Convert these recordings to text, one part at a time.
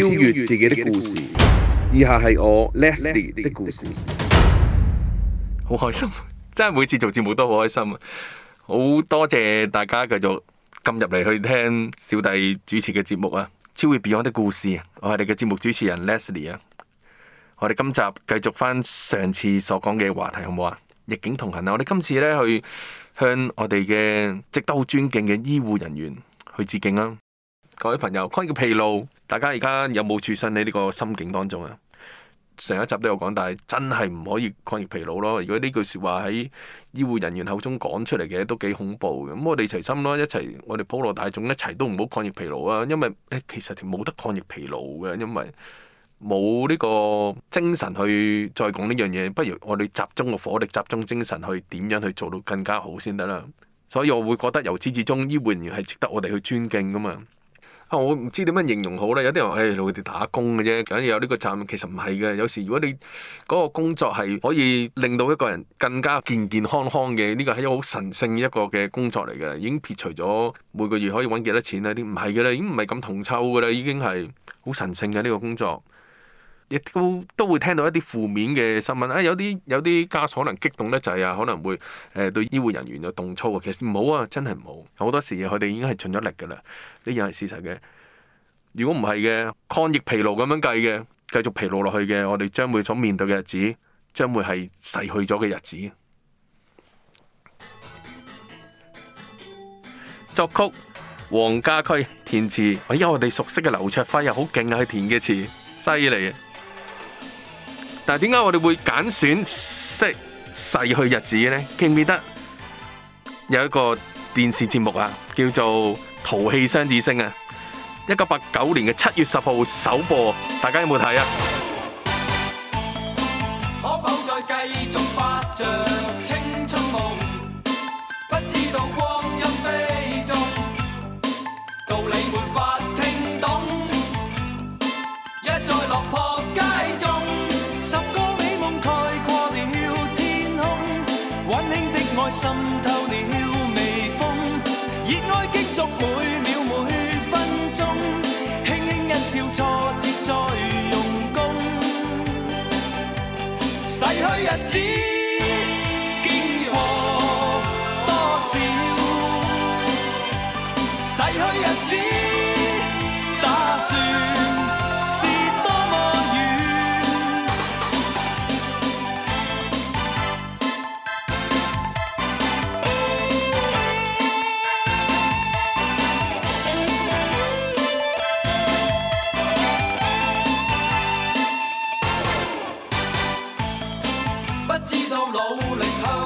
超越自己的故事。以下係我 Leslie 的故事。好開心，真係每次做節目都好開心啊！好多謝大家繼續咁入嚟去聽小弟主持嘅節目啊！超越 Beyond 的，的，的，的，的故事，我係你嘅節目主持人 Leslie 啊！我哋今集繼續翻上次所講嘅話題，好唔好啊？逆境同行啊！我哋今次呢去向我哋嘅值得尊敬嘅醫護人員去致敬啊。各位朋友，抗疫疲勞，大家而家有冇處身喺呢個心境當中啊？上一集都有講，但係真係唔可以抗疫疲勞咯。如果呢句説話喺醫護人員口中講出嚟嘅都幾恐怖嘅。咁我哋齊心咯，一齊我哋普羅大眾一齊都唔好抗疫疲勞啊。因為誒、欸、其實冇得抗疫疲勞嘅，因為冇呢個精神去再講呢樣嘢。不如我哋集中個火力，集中精神去點樣去做到更加好先得啦。所以我會覺得由始至終，醫護人員係值得我哋去尊敬噶嘛。我唔知點樣形容好咧，有啲人話誒，老佢哋打工嘅啫，梗係有呢個責任。」其實唔係嘅。有時如果你嗰個工作係可以令到一個人更加健健康康嘅，呢個係一個好神聖一個嘅工作嚟嘅，已經撇除咗每個月可以揾幾多錢咧，啲唔係嘅咧，已經唔係咁銅臭嘅咧，已經係好神聖嘅呢個工作。亦都都會聽到一啲負面嘅新聞啊！有啲有啲家屬可能激動得滯啊，可能會誒、呃、對醫護人員有動粗啊。其實唔好啊，真係唔好。好多時佢哋已經係盡咗力噶啦，呢樣係事實嘅。如果唔係嘅，抗疫疲勞咁樣計嘅，繼續疲勞落去嘅，我哋將會所面對嘅日子將會係逝去咗嘅日子。作曲黃家駒，填詞啊，有、哎、我哋熟悉嘅劉卓輝又好勁啊，佢填嘅詞犀利啊！但係點解我哋會揀選識逝去日子嘅呢？記唔記得有一個電視節目啊，叫做《淘氣雙子星》啊，一九八九年嘅七月十號首播，大家有冇睇啊？滲透了微風，熱愛競逐每秒每分鐘，輕輕一笑挫折再用功。逝去日子經過多少？逝去日子打算。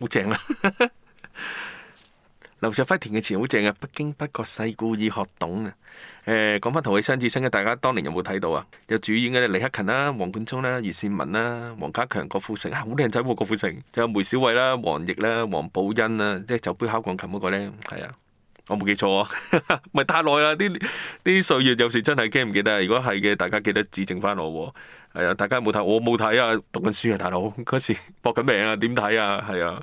好正啊！哈哈，劉少輝填嘅詞好正啊，不經不覺世故已學懂啊！誒、欸，講翻《逃離雙子星》嘅大家當年有冇睇到啊？有主演嘅李克勤啦、啊、黃貫中啦、啊、余善文啦、啊、黃家強、郭富城啊，好靚仔喎，郭富城！仲有梅小惠啦、啊、黃奕啦、黃寶欣啦、啊，即、就、係、是、酒杯敲鋼琴嗰個咧，係啊！我冇記錯啊，唔係 太耐啦啲啲歲月，有時真係驚唔記得。如果係嘅，大家記得指正翻我。係啊，大家冇睇我冇睇啊，讀緊書啊，大佬嗰時搏緊命啊，點睇啊？係啊，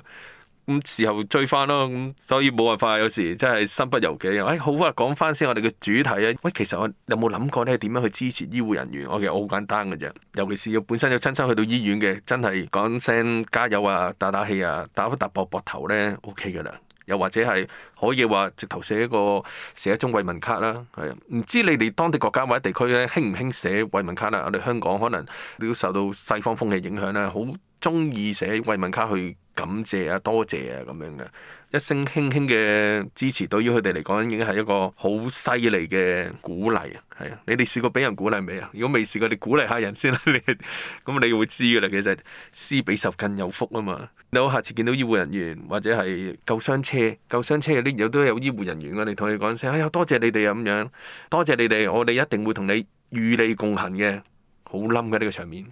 咁、嗯、時候追翻咯。咁所以冇辦法，有時真係身不由己。哎，好啦，講翻先我哋嘅主題啊。喂，其實我有冇諗過咧？點樣去支持醫護人員？我其實好簡單嘅啫。尤其是要本身有親戚去到醫院嘅，真係講聲加油啊，打打氣啊，打一打膊膊頭咧，OK 嘅啦。又或者係可以話直頭寫一個寫一張慰問卡啦，係啊，唔知你哋當地國家或者地區咧興唔興寫慰問卡啦？我哋香港可能都受到西方風氣影響啦，好。中意寫慰問卡去感謝啊、多謝啊咁樣嘅一聲輕輕嘅支持，對於佢哋嚟講已經係一個好犀利嘅鼓勵啊！係啊，你哋試過俾人鼓勵未啊？如果未試過，你鼓勵下人先啦， 你咁你會知噶啦。其實，施比受更有福啊嘛！你好，下次見到醫護人員或者係救傷車、救傷車嗰啲有都有醫護人員、啊，我你同佢講聲，哎呀，多謝你哋啊咁樣，多謝你哋，我哋一定會同你與你共行嘅，好冧嘅呢個場面。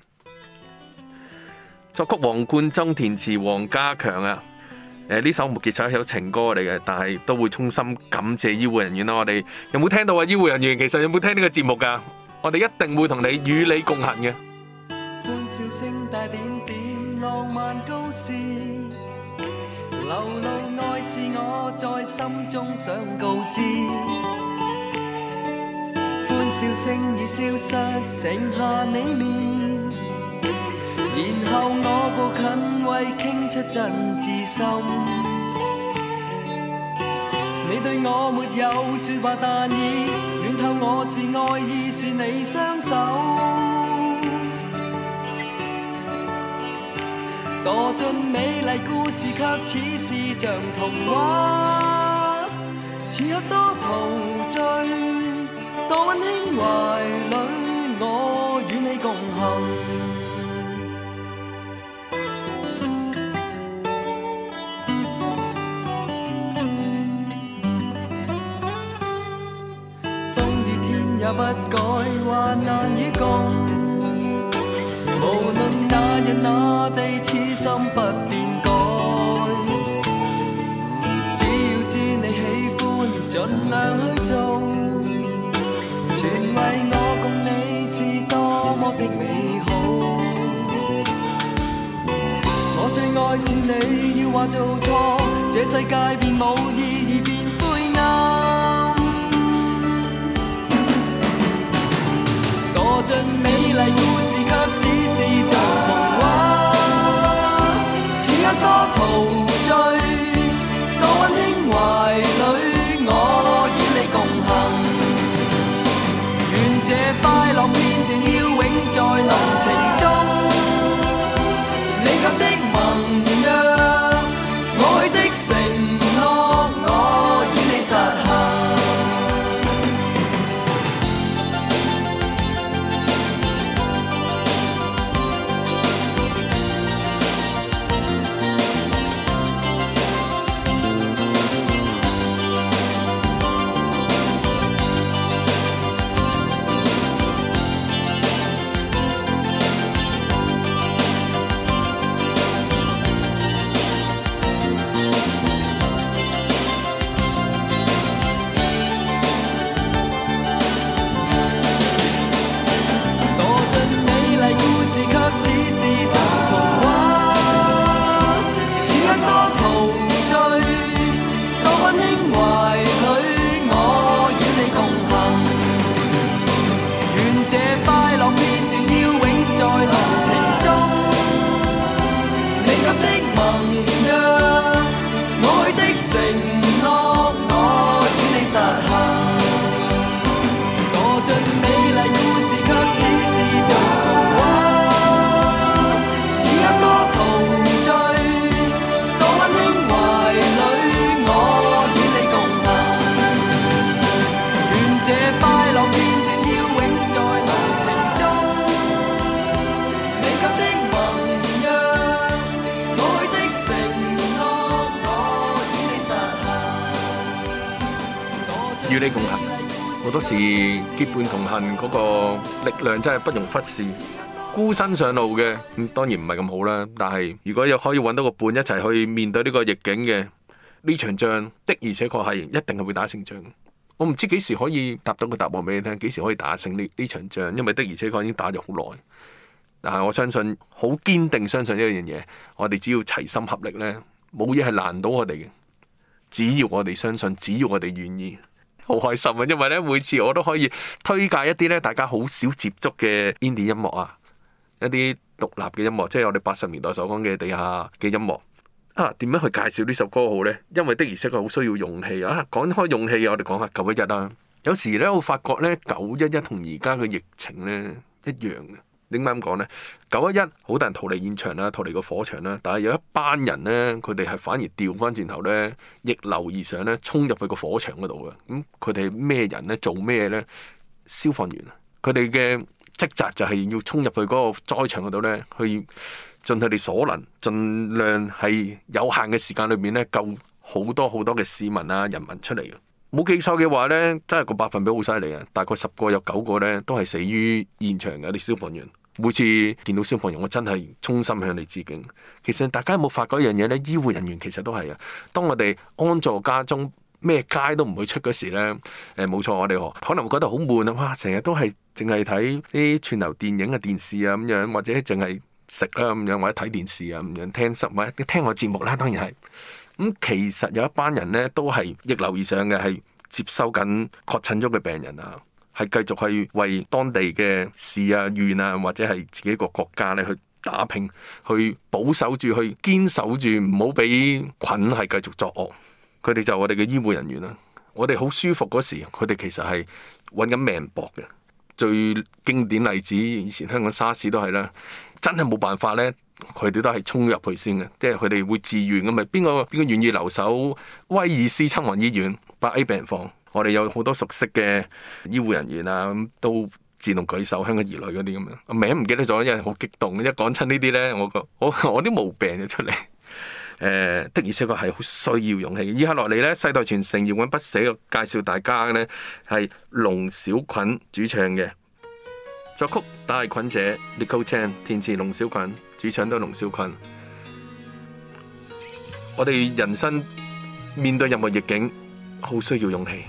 作曲，王冠增，填詞王家強啊，誒呢首木結彩，一首情歌嚟嘅，但係都會衷心感謝醫護人員啦。我哋有冇聽到啊？醫護人員其實有冇聽呢個節目噶？我哋一定會同你與你共行嘅。然後我步近，為傾出真摯心。你對我沒有說話，但已暖透我，是愛意，是你雙手。墮進美麗故事，卻似是像童話，此刻多陶醉，多溫馨懷。也不改，還難以共。無論那人那地，痴心不變改。只要知你喜歡，盡量去做。全為我共你是多麼的美好。我最愛是你要話做錯，這世界便無。盡美麗故事，卻只是像童話，似一朵嗰時結伴同行嗰個力量真係不容忽視，孤身上路嘅，咁、嗯、當然唔係咁好啦。但係如果有可以搵到個伴一齊去面對呢個逆境嘅呢場仗，的而且確係一定係會打勝仗。我唔知幾時可以答到個答案俾你聽，幾時可以打勝呢呢場仗，因為的而且確已經打咗好耐。但係我相信，好堅定相信一樣嘢，我哋只要齊心合力呢，冇嘢係難到我哋嘅。只要我哋相信，只要我哋願意。好開心啊，因為咧每次我都可以推介一啲咧大家好少接觸嘅 indie 音樂啊，一啲獨立嘅音樂，即係我哋八十年代所講嘅地下嘅音樂啊。點樣去介紹呢首歌好呢？因為的而且確好需要勇氣啊。講開勇氣我哋講下九一一啦。有時咧我發覺咧九一一同而家嘅疫情咧一樣嘅。點解咁講呢？九一一好多人逃離現場啦，逃離個火場啦。但係有一班人呢，佢哋係反而掉返轉頭呢，逆流而上呢，衝入去個火場嗰度嘅。咁佢哋咩人呢？做咩呢？消防員啊！佢哋嘅職責就係要衝入去嗰個災場嗰度呢，去盡佢哋所能，盡量係有限嘅時間裏面呢，救好多好多嘅市民啊、人民出嚟嘅。冇記錯嘅話呢，真係個百分比好犀利啊！大概十個有九個呢都係死於現場嘅啲消防員。每次見到消防員，我真係衷心向你致敬。其實大家有冇發覺一樣嘢呢？醫護人員其實都係啊！當我哋安坐家中，咩街都唔會出嗰時呢，誒冇錯，我哋可能會覺得好悶啊！哇，成日都係淨係睇啲串流電影啊、電視啊咁樣，或者淨係食啦咁樣，或者睇電視啊咁樣，聽十或聽我節目啦，當然係。咁其實有一班人咧，都係逆流而上嘅，係接收緊確診咗嘅病人啊，係繼續去為當地嘅市啊、縣啊，或者係自己個國家咧去打拼，去保守住、去堅守住，唔好俾菌係繼續作惡。佢哋就係我哋嘅醫護人員啦。我哋好舒服嗰時，佢哋其實係揾緊命搏嘅。最經典的例子，以前香港沙士都係啦，真係冇辦法咧。佢哋都係衝入去先嘅，即係佢哋會自願咁咪？邊個邊個願意留守威爾斯親王醫院八 A 病房？我哋有好多熟悉嘅醫護人員啊，咁都自動舉手，香港兒女嗰啲咁樣名唔記得咗，因為好激動，一講親呢啲呢，我個我我啲毛病就出嚟。誒、呃、的而且確係好需要勇氣。以下落嚟呢，世代傳承，永恆不死嘅介紹大家呢係龍小菌主唱嘅作曲大菌者，Nicole Chan 填詞龍小菌。主唱都係龍少坤，我哋人生面對任何逆境，好需要勇氣。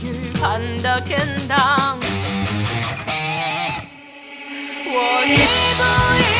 預判到天堂，我一步一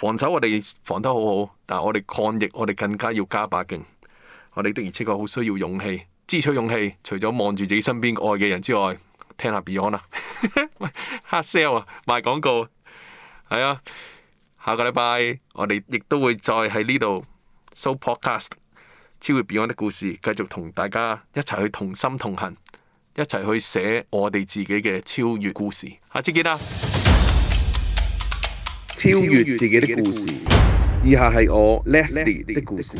防守我哋防得好好，但係我哋抗疫，我哋更加要加把勁。我哋的而且確好需要勇氣，支取勇氣。除咗望住自己身邊愛嘅人之外，聽下 Beyond 啊，喂 hard sell 啊，賣廣告。係啊，下個禮拜我哋亦都會再喺呢度 show podcast 超越 Beyond 的故事，繼續同大家一齊去同心同行，一齊去寫我哋自己嘅超越故事。下次見啦。超越自己的故事。以下係我 Leslie 的故事。